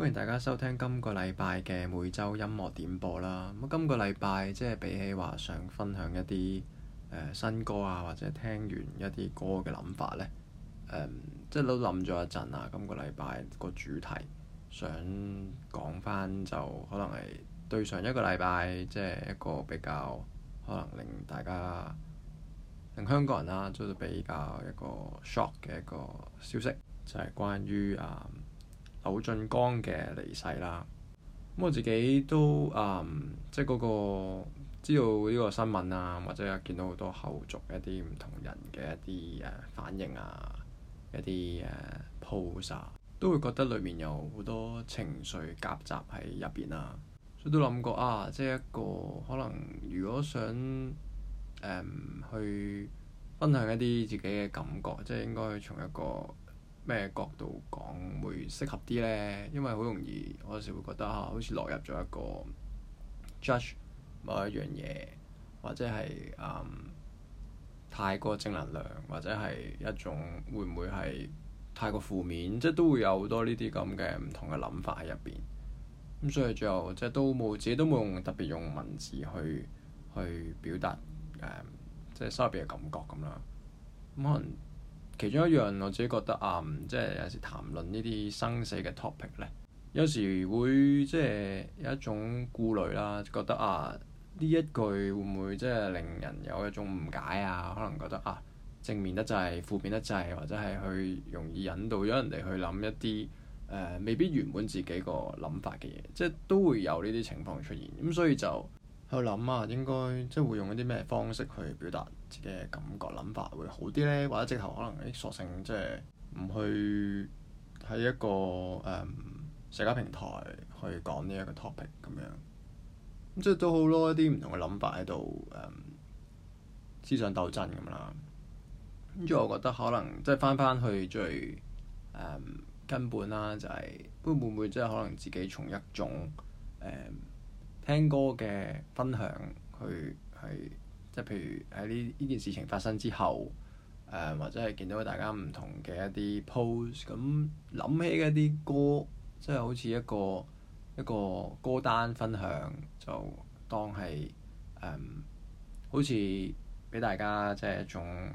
歡迎大家收聽今個禮拜嘅每周音樂點播啦！咁今個禮拜即係比起話想分享一啲誒、呃、新歌啊，或者聽完一啲歌嘅諗法呢，嗯、即係都諗咗一陣啊！今個禮拜個主題想講返就可能係對上一個禮拜即係一個比較可能令大家令香港人啦、啊、都比較一個 shock 嘅一個消息，就係、是、關於啊～柳俊江嘅離世啦，咁我自己都誒、嗯，即係嗰、那個知道呢個新聞啊，或者見到好多後續一啲唔同人嘅一啲誒、呃、反應啊，一啲誒 post，都會覺得裏面有好多情緒夾雜喺入邊啊，所以都諗過啊，即係一個可能如果想、呃、去分享一啲自己嘅感覺，即係應該從一個咩角度講會，會適合啲咧？因為好容易，我有時會覺得嚇、啊，好似落入咗一個 judge 某一樣嘢，或者係誒、嗯、太過正能量，或者係一種會唔會係太過負面，即、就、係、是、都會有好多呢啲咁嘅唔同嘅諗法喺入邊。咁所以最後即係、就是、都冇，自己都冇用特別用文字去去表達誒，即係心入邊嘅感覺咁啦。咁可能。其中一樣我自己覺得啊、嗯，即係有時談論呢啲生死嘅 topic 呢，有時會即係有一種顧慮啦，覺得啊呢一句會唔會即係令人有一種誤解啊？可能覺得啊正面得滯、負面得滯，或者係去容易引導咗人哋去諗一啲、呃、未必原本自己個諗法嘅嘢，即係都會有呢啲情況出現。咁所以就去諗啊，應該即係會用一啲咩方式去表達，自己嘅感覺諗法會好啲呢？或者直頭可能啲索性即係唔去喺一個誒、嗯、社交平台去講呢一個 topic 咁樣，即係都好多一啲唔同嘅諗法喺度、嗯、思想鬥爭咁啦。跟住、嗯、我覺得可能即係返返去最、嗯、根本啦，就係、是、會唔會即係可能自己從一種誒、嗯、聽歌嘅分享去係。即係譬如喺呢呢件事情發生之後，誒，或者係見到大家唔同嘅一啲 post，咁諗起一啲歌，即係好似一個一個歌單分享，就當係誒好似俾大家即係一種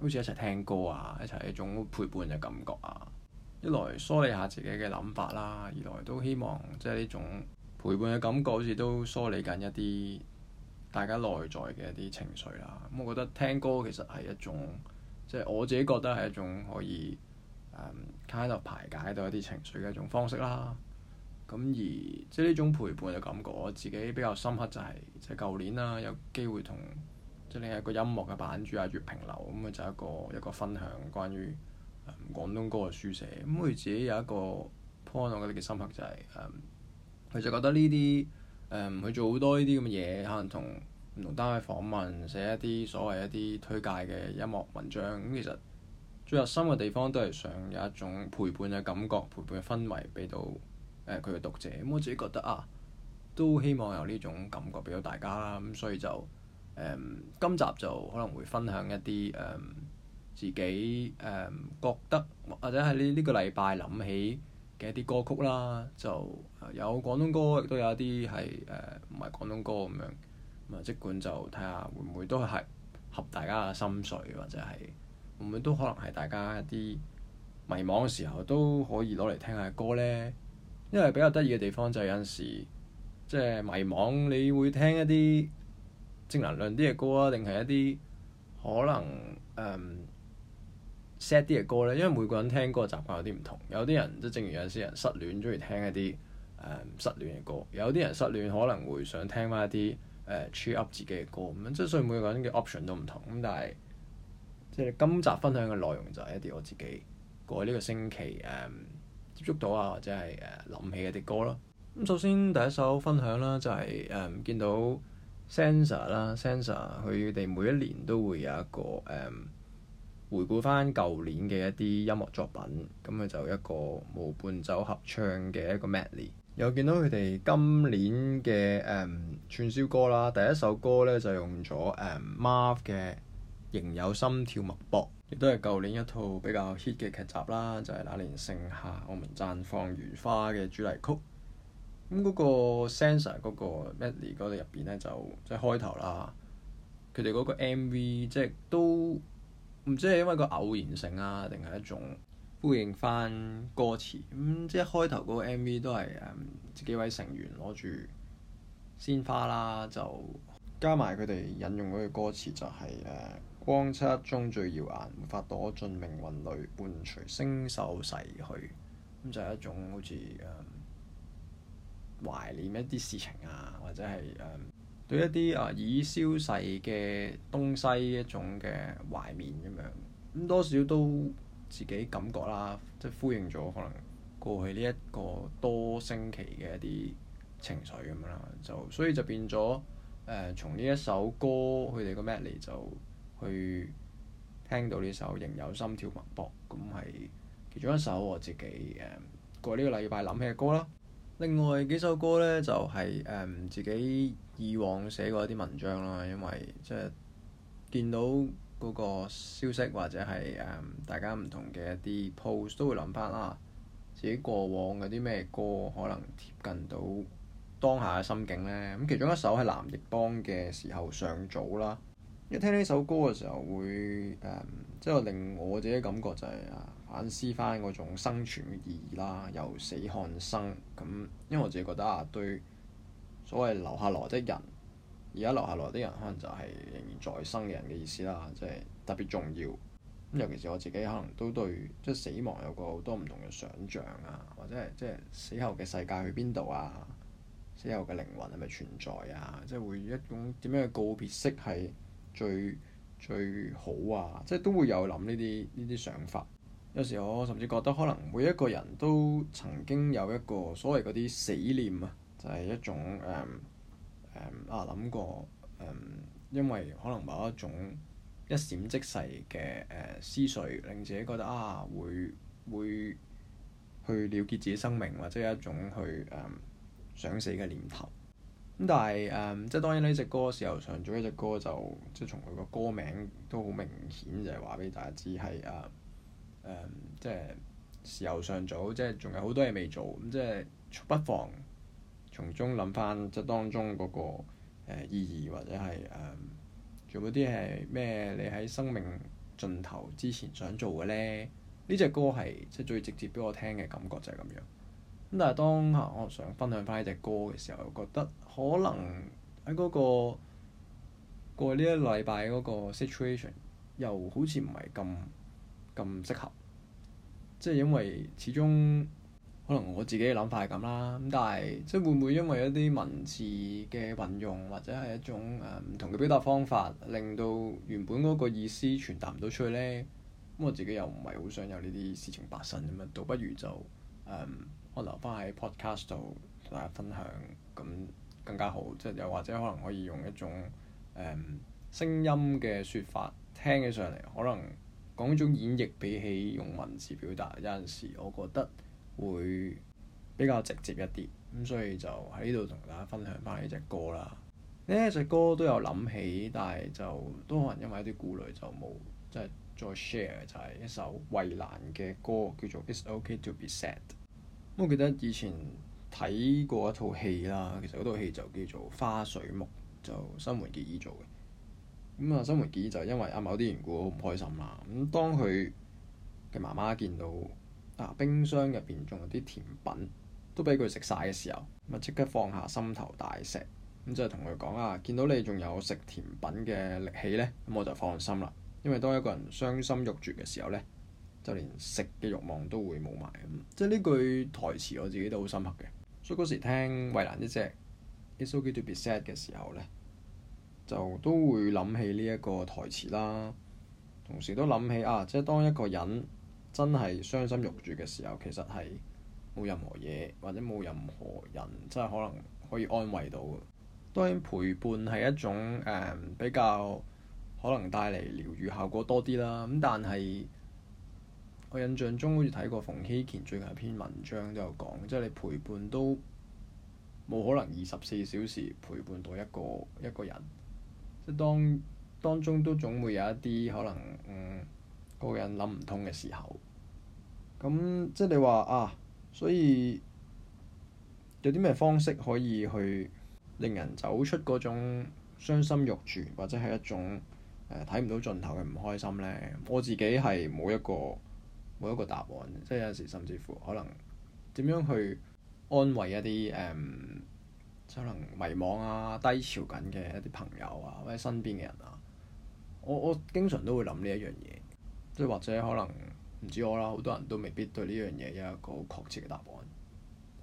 好似一齊聽歌啊，一齊一種陪伴嘅感覺啊。一來梳理下自己嘅諗法啦，二來都希望即係呢種陪伴嘅感覺好似都梳理緊一啲。大家內在嘅一啲情緒啦，咁、嗯、我覺得聽歌其實係一種，即、就、係、是、我自己覺得係一種可以誒，喺、um, 度 kind of 排解到一啲情緒嘅一種方式啦。咁、嗯、而即係呢種陪伴嘅感覺，我自己比較深刻就係即係舊年啦，有機會同即係另一個音樂嘅版主啊，月平流咁佢、嗯、就一個一個分享關於、嗯、廣東歌嘅書寫。咁、嗯、佢自己有一個 point 我覺得幾深刻就係、是、佢、嗯、就覺得呢啲。誒唔去做好多呢啲咁嘅嘢，可能同唔同單位訪問，寫一啲所謂一啲推介嘅音樂文章。咁、嗯、其實最核心嘅地方都係想有一種陪伴嘅感覺、陪伴嘅氛圍，俾到誒佢嘅讀者。咁、嗯、我自己覺得啊，都希望有呢種感覺俾到大家啦。咁、嗯、所以就誒、嗯、今集就可能會分享一啲誒、嗯、自己誒、嗯、覺得或者喺呢呢個禮拜諗起嘅一啲歌曲啦，就有廣東歌，亦都有一啲係誒唔係廣東歌咁樣。咁啊，即管就睇下會唔會都係合大家嘅心水，或者係會唔會都可能係大家一啲迷茫嘅時候都可以攞嚟聽下歌咧。因為比較得意嘅地方就係有陣時，即、就、係、是、迷茫即係迷茫，你會聽一啲正能量啲嘅歌啊，定係一啲可能誒。呃 set 啲嘅歌咧，因為每個人聽歌嘅習慣有啲唔同，有啲人即正如有啲人失戀，鍾意聽一啲誒、嗯、失戀嘅歌；有啲人失戀可能會想聽返一啲誒 cheer up 自己嘅歌咁樣、嗯。即係所以每個人嘅 option 都唔同咁，但係即係今集分享嘅內容就係一啲我自己過呢個星期誒、嗯、接觸到啊，或者係誒諗起一啲歌咯。咁、嗯、首先第一首分享啦、就是，就係誒見到 Sensor 啦、啊、Sensor 佢哋每一年都會有一個誒。嗯回顧翻舊年嘅一啲音樂作品，咁佢就一個無伴奏合唱嘅一個 Medley。又見到佢哋今年嘅誒、um, 串燒歌啦，第一首歌咧就用咗誒 Marf 嘅《仍、um, 有心跳脈搏》，亦都係舊年一套比較 hit 嘅劇集啦，就係、是、那年盛夏，我們綻放如花嘅主題曲。咁嗰個 Sensor 嗰個 Medley 嗰度入邊咧，就即係開頭啦。佢哋嗰個 MV 即係都。唔知係因為個偶然性啊，定係一種呼應翻歌詞咁，嗯，即係開頭嗰個 MV 都係誒、嗯、幾位成員攞住鮮花啦，就加埋佢哋引用嗰句歌詞就係、是、誒、嗯、光七中最耀眼，沒法躲進命運裏，伴隨星宿逝去，咁、嗯、就係、是、一種好似誒、嗯、懷念一啲事情啊，或者係誒。嗯對一啲啊已消逝嘅東西一種嘅懷念咁樣，咁多少都自己感覺啦，即係呼應咗可能過去呢一個多星期嘅一啲情緒咁樣啦，就所以就變咗誒從呢一首歌佢哋嘅 melody 就去聽到呢首仍有心跳脈搏，咁係其中一首我自己誒、呃、過呢個禮拜諗起嘅歌啦。另外幾首歌咧就係、是、誒、呃、自己。以往寫過一啲文章啦，因為即係見到嗰個消息或者係誒、嗯、大家唔同嘅一啲 post 都會諗翻啦。自己過往有啲咩歌可能貼近到當下嘅心境呢？咁、嗯、其中一首係藍奕邦嘅時候尚早啦，一、嗯、聽呢首歌嘅時候會、嗯、即係令我自己感覺就係、是、啊反思翻嗰種生存嘅意義啦，由死看生咁、嗯，因為我自己覺得啊對。所謂留下來的人，而家留下來嘅人，可能就係仍然在生嘅人嘅意思啦。即係特別重要。咁，嗯，尤其是我自己，可能都對即係死亡有過好多唔同嘅想像啊，或者係即係死後嘅世界去邊度啊？死後嘅靈魂係咪存在啊？即係會一種點樣嘅告別式係最最好啊？即係都會有諗呢啲呢啲想法。有時我甚至覺得，可能每一個人都曾經有一個所謂嗰啲死念啊。就係一種誒誒、um, um, 啊！諗過誒，um, 因為可能某一種一閃即逝嘅誒思緒，令自己覺得啊，會會去了結自己生命，或者有一種去誒、um, 想死嘅念頭。咁但係誒，um, 即係當然呢隻歌，時候尚早。呢隻歌就即係從佢個歌名都好明顯，就係話俾大家知係啊，誒，uh, um, 即係時候尚早，即係仲有好多嘢未做，咁即係不妨。從中諗翻即係當中嗰、那個、呃、意義或者係誒、呃、做嗰啲係咩？你喺生命盡頭之前想做嘅咧？呢隻歌係即係最直接俾我聽嘅感覺就係咁樣。咁但係當下我想分享翻呢隻歌嘅時候，又覺得可能喺嗰、那個過呢一禮拜嗰個 situation 又好似唔係咁咁適合，即、就、係、是、因為始終。可能我自己嘅諗法係咁啦，咁但係即係會唔會因為一啲文字嘅運用或者係一種誒、嗯、唔同嘅表達方法，令到原本嗰個意思傳達唔到出去呢？咁、嗯、我自己又唔係好想有呢啲事情發生咁啊，倒不如就誒、嗯、我留翻喺 Podcast 度同大家分享，咁更加好。即係又或者可能可以用一種誒、嗯、聲音嘅説法聽起上嚟，可能講種演繹比起用文字表達，有陣時我覺得。會比較直接一啲，咁所以就喺呢度同大家分享翻呢隻歌啦。呢隻歌都有諗起，但係就都可能因為一啲顧慮就冇即係再 share。就係、是、一首衞蘭嘅歌，叫做《It's OK To Be Sad》。咁我記得以前睇過一套戲啦，其實嗰套戲就叫做《花水木》，就新垣結衣做嘅。咁啊，新垣結衣就因為啊某啲緣故好唔開心啦。咁當佢嘅媽媽見到。啊、冰箱入邊仲有啲甜品，都俾佢食晒嘅時候，咁啊即刻放下心頭大石咁，就同佢講啊，見到你仲有食甜品嘅力氣呢，咁我就放心啦。因為當一個人傷心欲絕嘅時候呢，就連食嘅慾望都會冇埋。即係呢句台詞，我自己都好深刻嘅。所以嗰時聽《衛蘭》呢隻《It's OK To Be Sad》嘅時候呢，就都會諗起呢一個台詞啦。同時都諗起啊，即係當一個人。真係傷心欲絕嘅時候，其實係冇任何嘢或者冇任何人，真係可能可以安慰到嘅。當然陪伴係一種誒、嗯、比較可能帶嚟療愈效果多啲啦。咁但係我印象中好似睇過馮希賢最近一篇文章都有講，即係你陪伴都冇可能二十四小時陪伴到一個一個人，即係當當中都總會有一啲可能，嗯，嗰個人諗唔通嘅時候。咁即係你話啊，所以有啲咩方式可以去令人走出嗰種傷心欲絕，或者係一種誒睇唔到盡頭嘅唔開心呢？我自己係冇一個冇一個答案，即係有時甚至乎可能點樣去安慰一啲誒、嗯、可能迷茫啊、低潮緊嘅一啲朋友啊，或者身邊嘅人啊，我我經常都會諗呢一樣嘢，即係或者可能。唔知我啦，好多人都未必對呢樣嘢有一個確切嘅答案。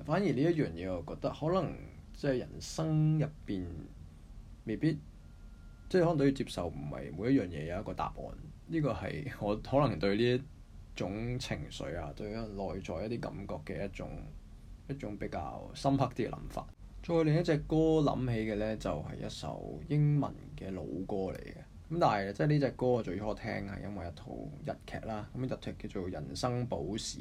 反而呢一樣嘢，我覺得可能即係人生入邊未必即係、就是、可能相對於接受唔係每一樣嘢有一個答案。呢、這個係我可能對呢一種情緒啊，對於內在一啲感覺嘅一種一種比較深刻啲嘅諗法。再另一隻歌諗起嘅咧，就係、是、一首英文嘅老歌嚟嘅。咁但係，即係呢隻歌我最中意我聽係因為一套日劇啦。咁日劇叫做《人生補時》，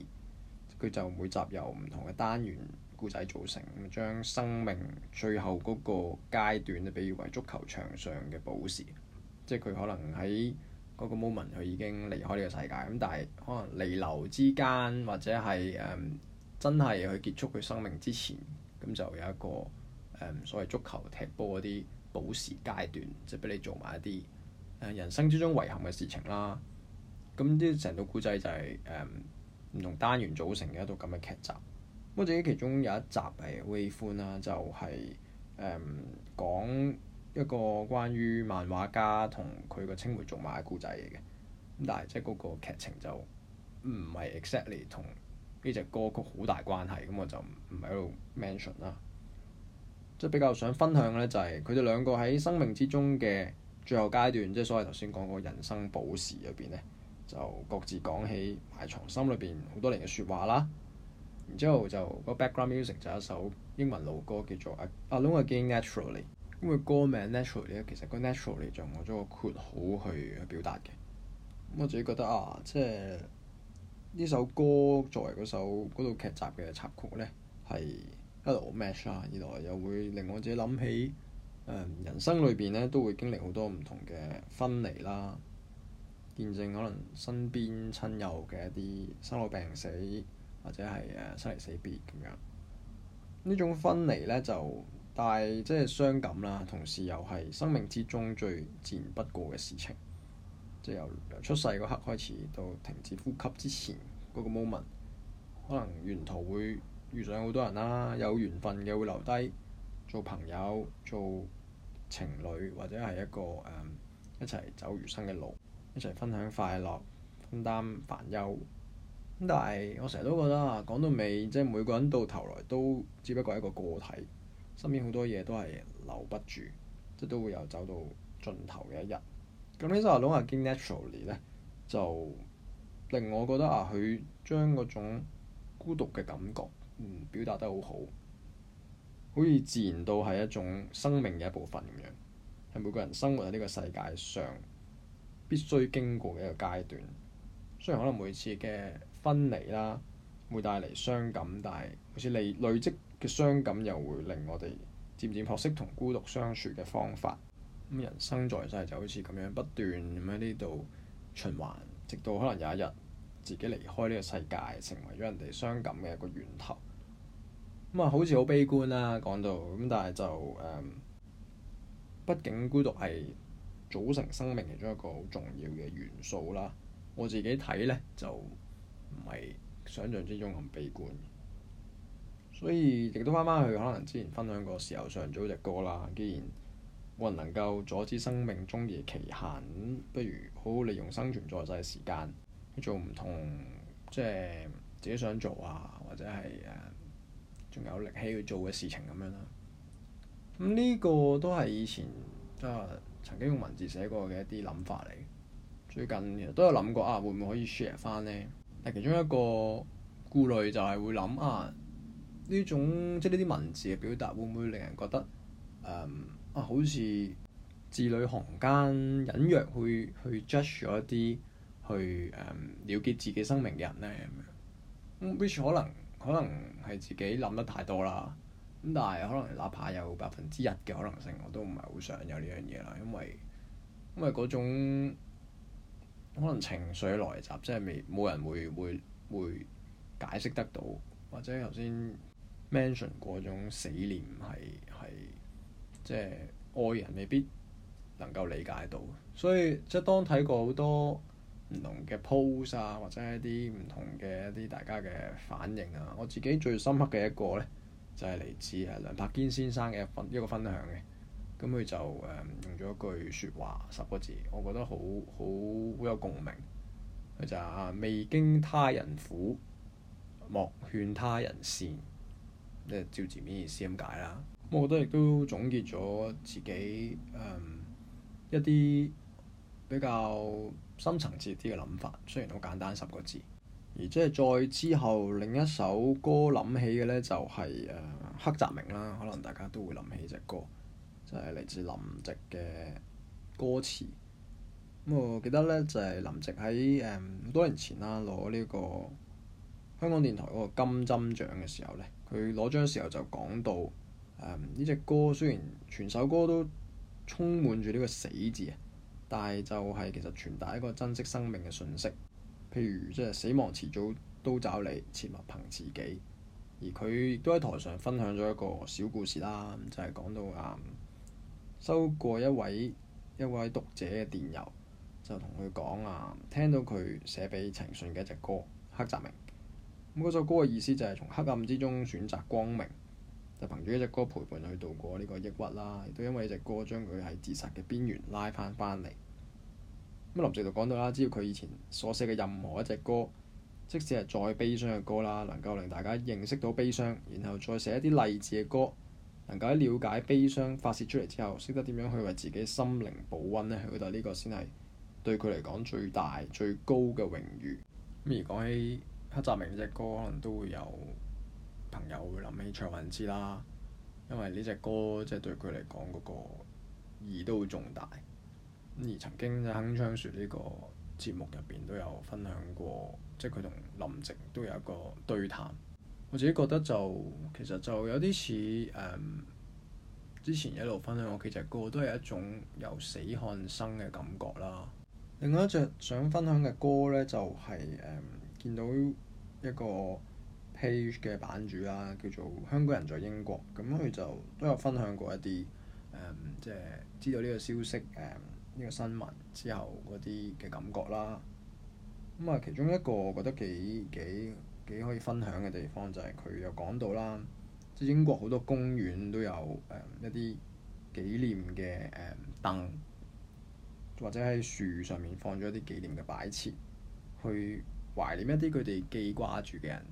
佢就每集由唔同嘅單元故仔組成，咁將生命最後嗰個階段咧，比喻為足球場上嘅補時，即係佢可能喺嗰個 moment 佢已經離開呢個世界咁，但係可能彌留之間或者係誒、嗯、真係去結束佢生命之前，咁就有一個誒、嗯、所謂足球踢波嗰啲補時階段，即係俾你做埋一啲。人生之中遺憾嘅事情啦，咁啲成套故仔就係誒唔同單元組成嘅一套咁嘅劇集。我自己其中有一集係好喜歡啦，就係、是、誒、嗯、講一個關於漫畫家同佢個青梅竹馬嘅故仔嚟嘅。咁但係即係嗰個劇情就唔係 exactly 同呢隻歌曲好大關係，咁我就唔係喺度 mention 啦。即、就、係、是、比較想分享嘅咧，就係佢哋兩個喺生命之中嘅。最後階段，即係所謂頭先講過人生補時入邊咧，就各自講起埋藏心裏邊好多年嘅説話啦。然之後就、個 background music 就一首英文老歌，叫做《Alone Again Naturally》。咁個歌名《Naturally》咧，其實個《Naturally》就用咗個括號去表達嘅。咁我自己覺得啊，即係呢首歌作為嗰首嗰套劇集嘅插曲咧，係一路 match 啊，二來又會令我自己諗起。人生裏邊咧都會經歷好多唔同嘅分離啦，見證可能身邊親友嘅一啲生老病死，或者係誒生離死別咁樣。呢種分離咧就帶即係傷感啦，同時又係生命之中最自然不過嘅事情。即係由出世嗰刻開始到停止呼吸之前嗰個 moment，可能沿途會遇上好多人啦，有緣分嘅會留低，做朋友、做情侶，或者係一個誒、嗯、一齊走餘生嘅路，一齊分享快樂，分擔煩憂。咁但係我成日都覺得啊，講到尾，即係每個人到頭來都只不過係一個個體，身邊好多嘢都係留不住，即係都會有走到盡頭嘅一日。咁呢首《Alone again》naturally 咧，就令我覺得啊，佢將嗰種孤獨嘅感覺嗯表達得好好。好似自然到係一種生命嘅一部分咁樣，係每個人生活喺呢個世界上必須經過嘅一個階段。雖然可能每次嘅分離啦，會帶嚟傷感，但係好似累累積嘅傷感又會令我哋漸漸學識同孤獨相處嘅方法。咁人生在世就好似咁樣不斷咁喺呢度循環，直到可能有一日自己離開呢個世界，成為咗人哋傷感嘅一個源頭。咁啊，好似好悲觀啦，講到咁，但係就誒、嗯，畢竟孤獨係組成生命其中一個好重要嘅元素啦。我自己睇呢，就唔係想像之中咁悲觀，所以亦都返返去可能之前分享過時候尚早隻歌啦。既然冇人能夠阻止生命終嘅期限，不如好好利用生存在世嘅時間去做唔同即係自己想做啊，或者係誒，仲有力氣去做嘅事情咁樣啦，咁、嗯、呢、呢個都係以前即、呃、曾經用文字寫過嘅一啲諗法嚟。最近都有諗過啊，會唔會可以 share 翻呢？但其中一個顧慮就係會諗啊，呢種即係呢啲文字嘅表達會唔會令人覺得、嗯、啊，好似字裏行間隱約去 jud 去 judge 咗一啲去誒了結自己生命嘅人呢？咁、嗯、樣。咁 which 可能可能。係自己諗得太多啦，咁但係可能哪怕有百分之一嘅可能性，我都唔係好想有呢樣嘢啦，因為因為嗰種可能情緒來襲，即係未冇人會會會解釋得到，或者頭先 mention 嗰種死念係係即係愛人未必能夠理解到，所以即係當睇過好多。唔同嘅 pose 啊，或者一啲唔同嘅一啲大家嘅反應啊，我自己最深刻嘅一個呢，就係、是、嚟自啊梁柏堅先生嘅一份一個分享嘅。咁、嗯、佢就誒、嗯、用咗一句説話，十個字，我覺得好好好有共鳴。佢就啊、是，未經他人苦，莫勸他人善，即係照字面意思咁解啦。我覺得亦都總結咗自己、嗯、一啲比較深層次啲嘅諗法，雖然好簡單十個字，而即係再之後另一首歌諗起嘅呢，就係、是、誒、呃《黑擇明》啦，可能大家都會諗起隻歌，就係、是、嚟自林夕嘅歌詞。咁我記得呢，就係、是、林夕喺誒多年前啦攞呢個香港電台嗰個金針獎嘅時候呢，佢攞獎嘅時候就講到呢隻、嗯、歌雖然全首歌都充滿住呢個死字啊，但係就係其實傳達一個珍惜生命嘅訊息，譬如即係死亡遲早都找你，切勿憑自己。而佢亦都喺台上分享咗一個小故事啦，就係、是、講到啊、嗯，收過一位一位讀者嘅電郵，就同佢講啊，聽到佢寫俾情信嘅一隻歌《黑擇明》。咁嗰首歌嘅意思就係從黑暗之中選擇光明。就憑住一隻歌陪伴去度過呢個抑鬱啦，亦都因為一隻歌將佢喺自殺嘅邊緣拉翻翻嚟。咁林夕就講到啦，只要佢以前所寫嘅任何一隻歌，即使係再悲傷嘅歌啦，能夠令大家認識到悲傷，然後再寫一啲勵志嘅歌，能夠喺了解悲傷發泄出嚟之後，識得點樣去為自己心靈保溫呢？佢覺得呢個先係對佢嚟講最大最高嘅榮譽。咁而講起黑澤明嘅歌，可能都會有。朋友會諗起卓韻芝啦，因為呢隻歌即係、就是、對佢嚟講嗰個意義都會重大。而曾經喺《鏗鏘說》呢個節目入邊都有分享過，即係佢同林夕都有一個對談。我自己覺得就其實就有啲似誒之前一路分享我幾隻歌，都係一種由死看生嘅感覺啦。另外一隻想分享嘅歌呢，就係、是、誒、嗯、見到一個。page 嘅版主啦、啊，叫做香港人在英國，咁，佢就都有分享過一啲即係知道呢個消息呢、嗯這個新聞之後嗰啲嘅感覺啦。咁、嗯、啊，其中一個我覺得幾幾幾可以分享嘅地方就係佢又講到啦，即、就、係、是、英國好多公園都有誒、嗯、一啲紀念嘅誒凳，或者喺樹上面放咗一啲紀念嘅擺設，去懷念一啲佢哋記掛住嘅人。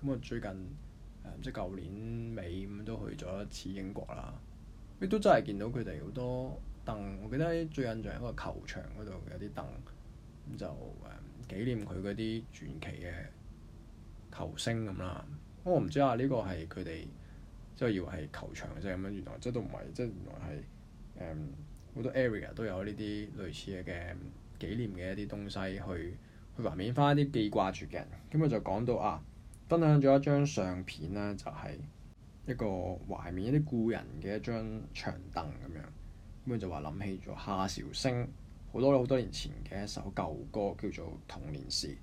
咁啊！最近誒、嗯、即係舊年尾咁都去咗一次英國啦。亦都真係見到佢哋好多凳。我記得最印象一個球場嗰度有啲凳咁就誒、嗯、紀念佢嗰啲傳奇嘅球星咁啦。我、哦、唔知啊，呢、呢個係佢哋即係以為係球場嘅啫，咁樣原來即係都唔係，即係原來係誒好多 area 都有呢啲類似嘅紀念嘅一啲東西去去懷緬翻一啲記掛住嘅。咁啊，就講到啊～分享咗一張相片呢就係、是、一個懷念一啲故人嘅一張長凳咁樣，咁佢就話諗起咗夏韶聲。好多好多年前嘅一首舊歌叫做《童年時》，咁、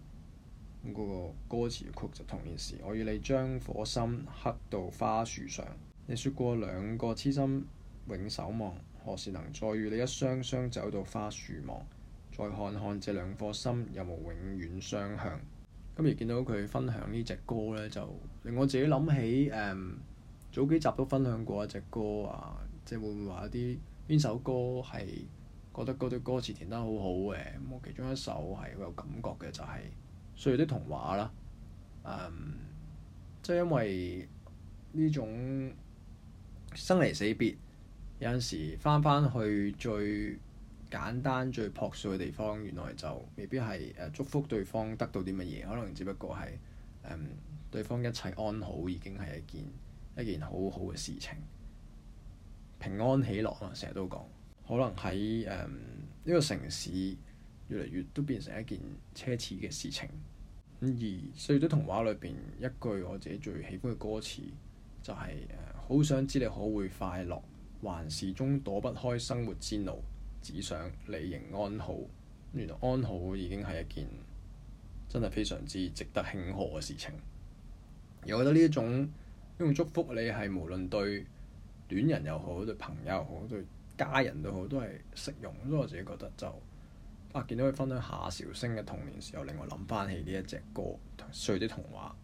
那、嗰個歌詞曲就是《童年時》，我與你將顆心刻到花樹上，你説過兩個痴心永守望，何時能再與你一雙雙走到花樹望，再看看這兩顆心有冇永遠相向。今日見到佢分享呢隻歌呢，就令我自己諗起誒、嗯，早幾集都分享過一隻歌啊，即係會唔會話一啲邊首歌係覺得嗰啲歌詞填得好好嘅？咁我其中一首係好有感覺嘅，就係、是《歲月的童話》啦、嗯。即、就、係、是、因為呢種生離死別，有陣時翻翻去最。簡單最樸素嘅地方，原來就未必係祝福對方得到啲乜嘢，可能只不過係誒、嗯、對方一切安好，已經係一件一件好好嘅事情。平安喜樂啊，成日都講，可能喺誒呢個城市越嚟越都變成一件奢侈嘅事情。嗯、而《歲月的童話》裏邊一句我自己最喜歡嘅歌詞就係、是、好、嗯、想知你可會快樂，還是終躲不開生活之路。只想你仍安好，原來安好已經係一件真係非常之值得慶賀嘅事情。而我覺得呢一種呢種祝福，你係無論對戀人又好，對朋友又好，對家人都好，都係適用。所以我自己覺得就啊，見到佢分享夏韶聲嘅童年時候，令我諗翻起呢一隻歌，睡的童話。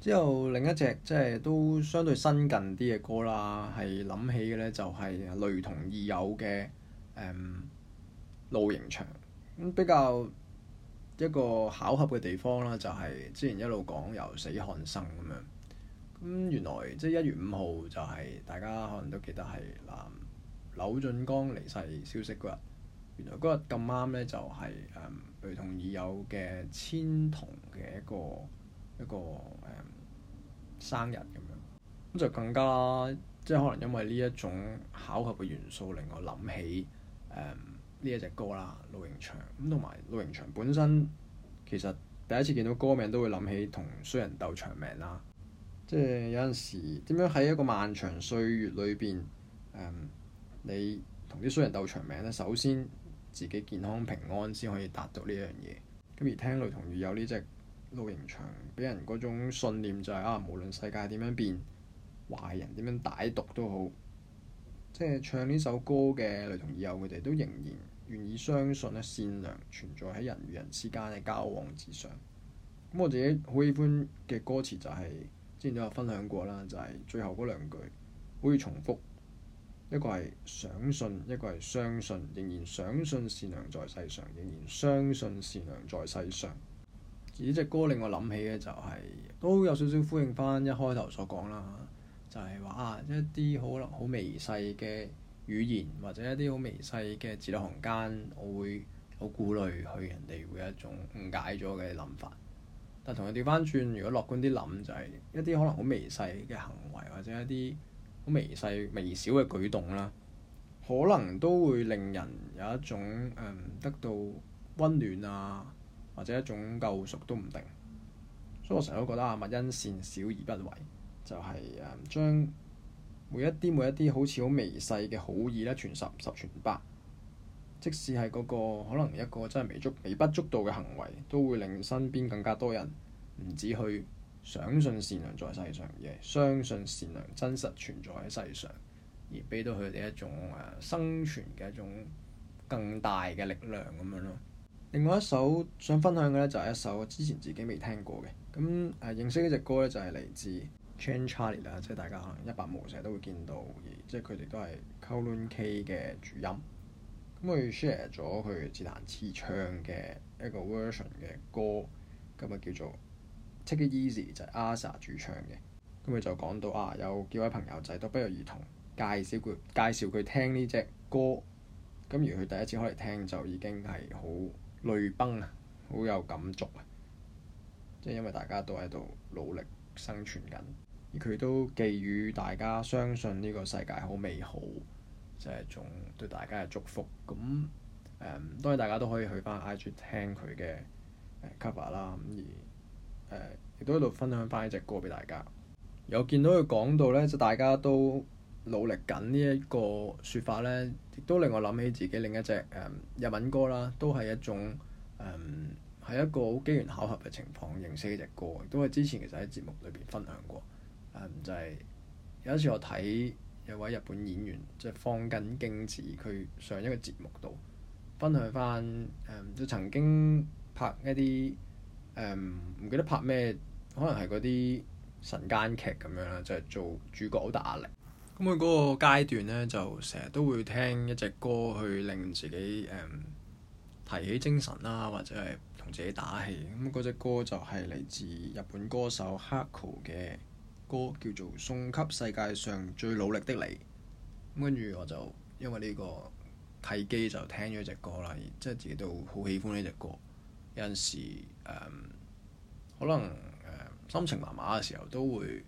之後另一隻即係都相對新近啲嘅歌啦，係諗起嘅呢，就係類同異有嘅。誒，露營場咁比較一個巧合嘅地方啦，就係之前一路講由死看生咁樣咁，原來即係一月五號就係、是、大家可能都記得係南柳俊江離世消息嗰日，原來嗰日咁啱咧就係誒雷同已有嘅千童嘅一個一個誒、嗯、生日咁樣咁，就更加即係可能因為呢一種巧合嘅元素，令我諗起。呢、嗯、一隻歌啦，露迎長咁同埋露迎長本身其實第一次見到歌名都會諗起同衰人鬥長命啦，即係有陣時點樣喺一個漫長歲月裏邊、嗯、你同啲衰人鬥長命呢？首先自己健康平安先可以達到呢樣嘢，咁而聽雷同與有呢隻露迎長，俾人嗰種信念就係、是、啊，無論世界點樣變，壞人點樣歹毒都好。即係唱呢首歌嘅女同友，佢哋都仍然願意相信咧善良存在喺人與人之間嘅交往之上。咁我自己好喜歡嘅歌詞就係之前都有分享過啦，就係、是、最後嗰兩句好以重複，一個係相信，一個係相信，仍然相信善良在世上，仍然相信善良在世上。而呢隻歌令我諗起嘅就係、是、都有少少呼應返一開頭所講啦。就係話啊，一啲可能好微細嘅語言，或者一啲好微細嘅字裏行間，我會好顧慮佢人哋會有一種誤解咗嘅諗法。但同佢調翻轉，如果樂觀啲諗，就係、是、一啲可能好微細嘅行為，或者一啲好微細微小嘅舉動啦，可能都會令人有一種、嗯、得到温暖啊，或者一種救贖都唔定。所以我成日都覺得阿勿因善小而不為。就係、是、誒，將每一啲每一啲好似好微細嘅好意咧，傳十十傳百。即使係嗰、那個可能一個真係微足微不足道嘅行為，都會令身邊更加多人唔止去相信善良在世上嘅，相信善良真實存在喺世上，而俾到佢哋一種誒、啊、生存嘅一種更大嘅力量咁樣咯。另外一首想分享嘅咧，就係、是、一首之前自己未聽過嘅咁誒，認識呢隻歌咧，就係、是、嚟自。Chang Charlie 啦，即係大家可能一百毛成日都會見到，即係佢哋都係 Colin K 嘅主音。咁佢 share 咗佢自彈自唱嘅一個 version 嘅歌，咁啊叫做 Take It Easy，就係阿 Sa 主唱嘅。咁佢就講到啊，有幾位朋友仔都不約而同介紹佢介紹佢聽呢隻歌。咁而佢第一次開嚟聽就已經係好淚崩啊，好有感觸啊！即係因為大家都喺度努力生存緊。而佢都寄予大家相信呢個世界好美好，即係一種對大家嘅祝福。咁誒，都、嗯、係大家都可以去翻 I G 聽佢嘅 cover 啦。咁、呃嗯、而誒亦、嗯、都喺度分享翻呢隻歌俾大家。有見到佢講到咧，就大家都努力緊呢一個説法咧，亦都令我諗起自己另一隻誒、嗯、日文歌啦，都係一種誒係、嗯、一個好機緣巧合嘅情況認識呢隻歌，都係之前其實喺節目裏邊分享過。嗯、就係、是、有一次我睇有位日本演員，即係放緊鏡子，佢上一個節目度分享翻誒，都、嗯、曾經拍一啲誒，唔、嗯、記得拍咩，可能係嗰啲晨間劇咁樣啦，就係、是、做主角好大壓力。咁佢嗰個階段咧，就成日都會聽一隻歌去令自己誒、嗯、提起精神啦、啊，或者係同自己打氣。咁嗰隻歌就係嚟自日本歌手 Hako 嘅。歌叫做《送給世界上最努力的你》，咁跟住我就因為呢個契機就聽咗隻歌啦，即係自己都好喜歡呢隻歌。有陣時、嗯、可能、嗯、心情麻麻嘅時候都會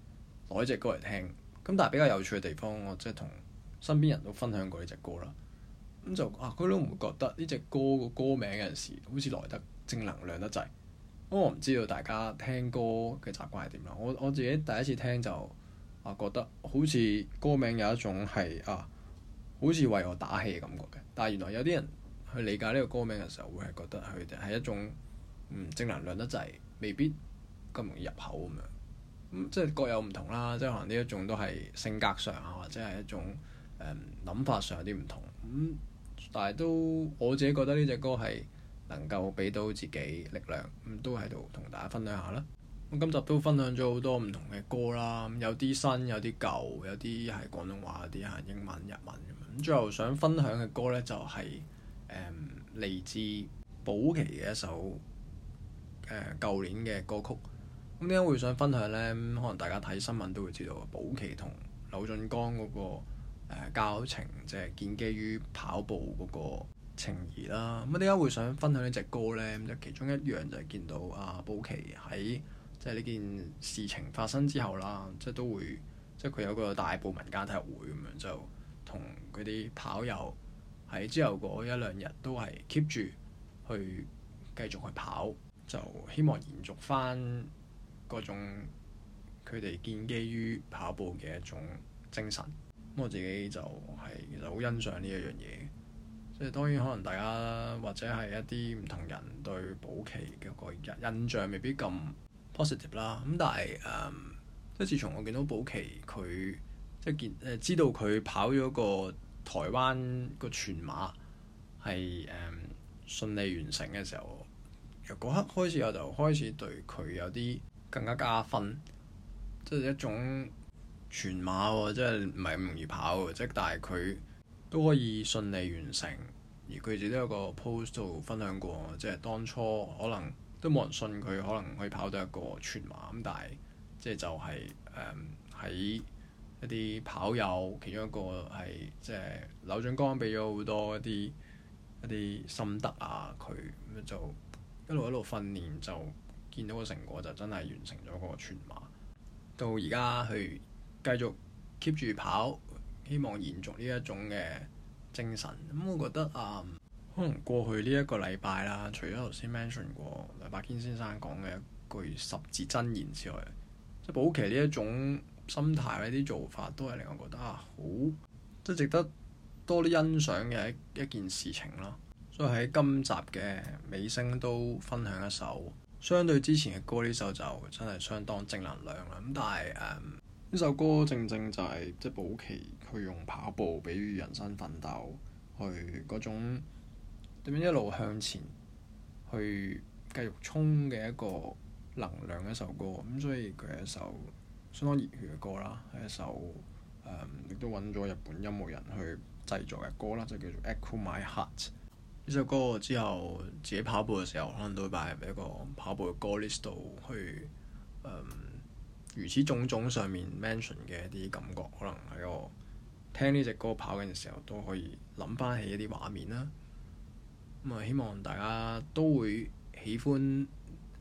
攞呢隻歌嚟聽。咁但係比較有趣嘅地方，我即係同身邊人都分享過呢隻歌啦。咁就啊，佢都唔會覺得呢隻歌個歌名有陣時好似來得正能量得滯。咁我唔知道大家聽歌嘅習慣係點啦。我我自己第一次聽就啊覺得好似歌名有一種係啊，好似為我打氣嘅感覺嘅。但係原來有啲人去理解呢個歌名嘅時候，會係覺得佢哋係一種嗯正能量得滯，未必咁容易入口咁樣。即係、嗯嗯就是、各有唔同啦。即、就、係、是、可能呢一種都係性格上啊，或者係一種誒諗、嗯、法上有啲唔同。咁、嗯、但係都我自己覺得呢隻歌係。能夠俾到自己力量，咁都喺度同大家分享下啦。咁今集都分享咗好多唔同嘅歌啦，有啲新，有啲舊，有啲係廣東話，有啲係英文、日文咁。最後想分享嘅歌呢，就係、是、嚟、嗯、自保錡嘅一首誒舊、呃、年嘅歌曲。咁點解會想分享呢？可能大家睇新聞都會知道，保錡同柳俊江嗰、那個交情，呃、情，即、就、係、是、建基於跑步嗰、那個。情誼啦、啊，咁啊點解會想分享呢隻歌呢？咁就其中一樣就係見到阿、啊、保錡喺即係呢件事情發生之後啦，即、就、係、是、都會即係佢有個大部民間體育會咁樣，就同佢啲跑友喺之後嗰一兩日都係 keep 住去繼續去跑，就希望延續返各種佢哋建基於跑步嘅一種精神。咁我自己就係其實好欣賞呢一樣嘢。即係當然，可能大家或者係一啲唔同人對保錡嘅個印象未必咁 positive 啦。咁但係誒，即係自從我見到保錡佢即係見誒知道佢跑咗個台灣個全馬係誒、嗯、順利完成嘅時候，由嗰刻開始我就開始對佢有啲更加加分，即係一種全馬喎，即係唔係咁容易跑喎，即係但係佢都可以順利完成，而佢自己都有個 post 分享過，即係當初可能都冇人信佢，可能可以跑到一個全馬咁，但係即係就係誒喺一啲跑友其中一個係即係劉俊剛俾咗好多一啲一啲心得啊，佢咁就一路一路訓練就見到個成果，就真係完成咗個全馬，到而家去繼續 keep 住跑。希望延續呢一種嘅精神咁、嗯，我覺得啊、嗯，可能過去呢一個禮拜啦，除咗頭先 mention 過梁百堅先生講嘅一句十字真言之外，即係保錡呢一種心態呢啲做法，都係令我覺得啊，好即係值得多啲欣賞嘅一一件事情咯。所以喺今集嘅尾聲都分享一首相對之前嘅歌，呢首就真係相當正能量啦。咁、嗯、但係誒呢首歌正正就係即係保錡。去用跑步比喻人生奮鬥，去嗰種點樣一路向前去繼續衝嘅一個能量嘅一首歌咁、嗯，所以佢係一首相當熱血嘅歌啦。係一首亦、嗯、都揾咗日本音樂人去製作嘅歌啦，就叫做《Echo My Heart》呢首歌之後，自己跑步嘅時候可能都會擺入一個跑步嘅歌 list 度去、嗯、如此種種上面 mention 嘅一啲感覺，可能喺個。聽呢隻歌跑緊嘅時候都可以諗返起一啲畫面啦。咁、嗯、啊，希望大家都會喜歡。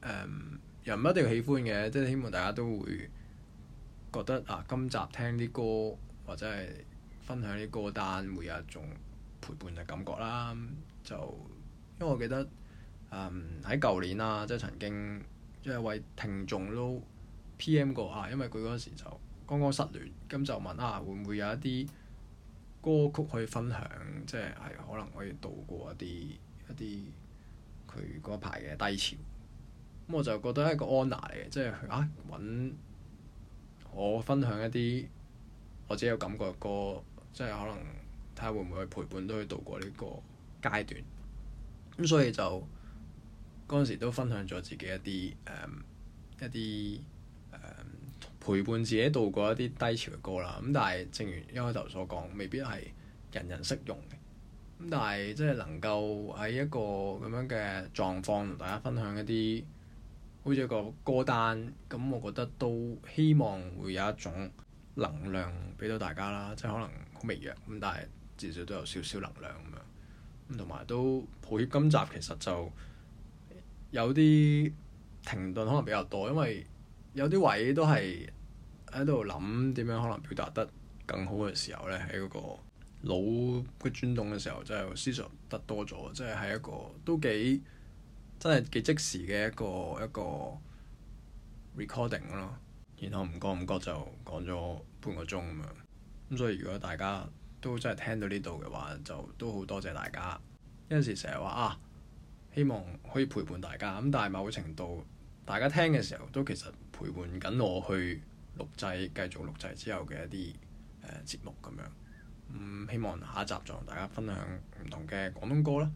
誒、嗯，又唔一定喜歡嘅，即、就、係、是、希望大家都會覺得啊，今集聽啲歌或者係分享啲歌單，會有一種陪伴嘅感覺啦。嗯、就因為我記得誒喺舊年啦、啊，即係曾經即係一位聽眾都 PM 過啊，因為佢嗰時就剛剛失戀，咁就問啊，會唔會有一啲？歌曲可以分享，即係可能可以渡過一啲一啲佢嗰排嘅低潮。咁我就覺得係一個安 o 嚟嘅，即係啊揾我分享一啲我自己有感覺嘅歌，即係可能睇下會唔會去陪伴到去渡過呢個階段。咁所以就嗰陣時都分享咗自己一啲誒、嗯、一啲。陪伴自己渡過一啲低潮嘅歌啦，咁但係正如一開頭所講，未必係人人適用嘅。咁但係即係能夠喺一個咁樣嘅狀況同大家分享一啲好似一個歌單，咁、嗯、我覺得都希望會有一種能量俾到大家啦。即係可能好微弱，咁但係至少都有少少能量咁樣。咁同埋都抱歉，今集其實就有啲停頓可能比較多，因為。有啲位都係喺度諗點樣可能表達得更好嘅時候呢，喺嗰個腦嘅轉動嘅時候，真係思索得多咗，即係係一個都幾真係幾即時嘅一個一個 recording 咯。然後唔覺唔覺就講咗半個鐘咁樣咁，所以如果大家都真係聽到呢度嘅話，就都好多謝大家。有陣時成日話啊，希望可以陪伴大家咁，但係某程度大家聽嘅時候都其實。陪伴緊我去錄製，繼續錄製之後嘅一啲誒、呃、節目咁樣。咁、嗯、希望下一集再同大家分享唔同嘅廣東歌啦。